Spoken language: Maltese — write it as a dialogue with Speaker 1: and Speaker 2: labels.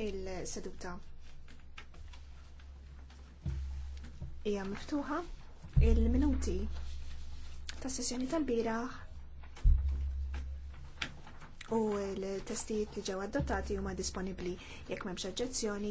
Speaker 1: il-seduta hija miftuħa il-minuti tas sessjoni tal-bieraħ u l-testijiet li ġew adottati huma
Speaker 2: disponibbli jekk m'hemmx oġġezzjoni